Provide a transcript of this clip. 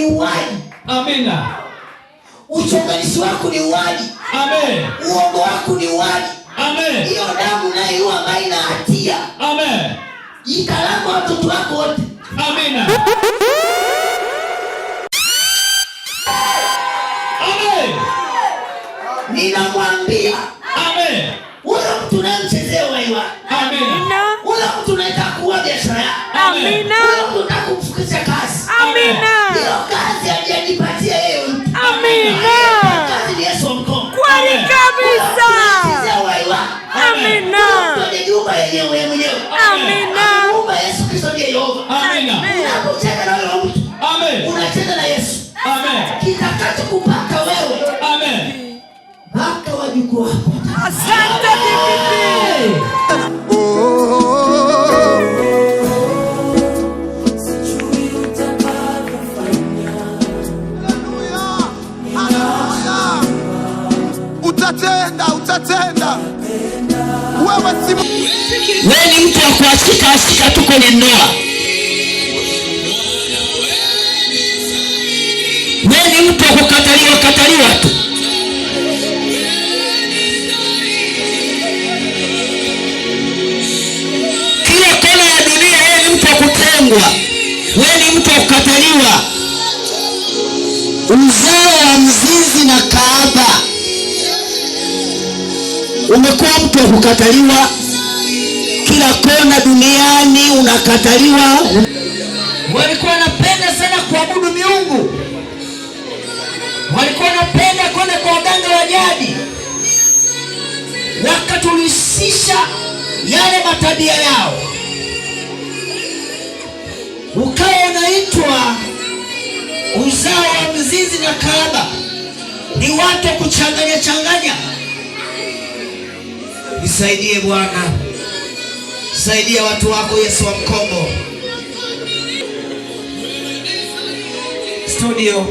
ni uwaji. Amina. Uchonganishi wako ni uwaji. Amen. Uongo wako ni uwaji. Amen. Hiyo damu nayo huwa haina hatia. Amen. Ikalamba watoto wako wote. Amina. Amen. Ninamwambia. Amen. Wewe mtu unamchezea wewe. Amen. Wewe mtu unataka kuua biashara. Amina. Wewe mtu unataka kumfukuzia kazi. Amina hiyo kazi hajanipatia yeye. Amina. Kazi ni Yesu mkuu. Kweli kabisa. Amina. Nyumba yenyewe wewe mwenyewe. Amina. Nyumba Yesu Kristo ndiye Yehova. Amina. Unapocheza na roho mtu. Amen. Unacheza na Yesu. Amen. Kitakacho kupaka wewe. Amen. Paka wajukuu wako. Asante. utatenda, utatenda. Wewe si ni mtu wa kuwashika washika tu kwenye ndoa. Wewe ni mtu wa kukataliwa kataliwa tu. Kila kona wewe ni mtu wa kutengwa, ni mtu wa kukataliwa, uzao wa mzizi na Umekuwa mtu wa kukataliwa kila kona duniani, unakataliwa. Walikuwa wanapenda sana kuabudu miungu, walikuwa wanapenda kwenda kwa waganga wa jadi, wakatulisisha yale matabia yao, ukawa unaitwa uzao wa mzizi na kaaba, ni watu kuchanganya changanya saidie Bwana, saidia watu wako Yesu wa Mkombo. Studio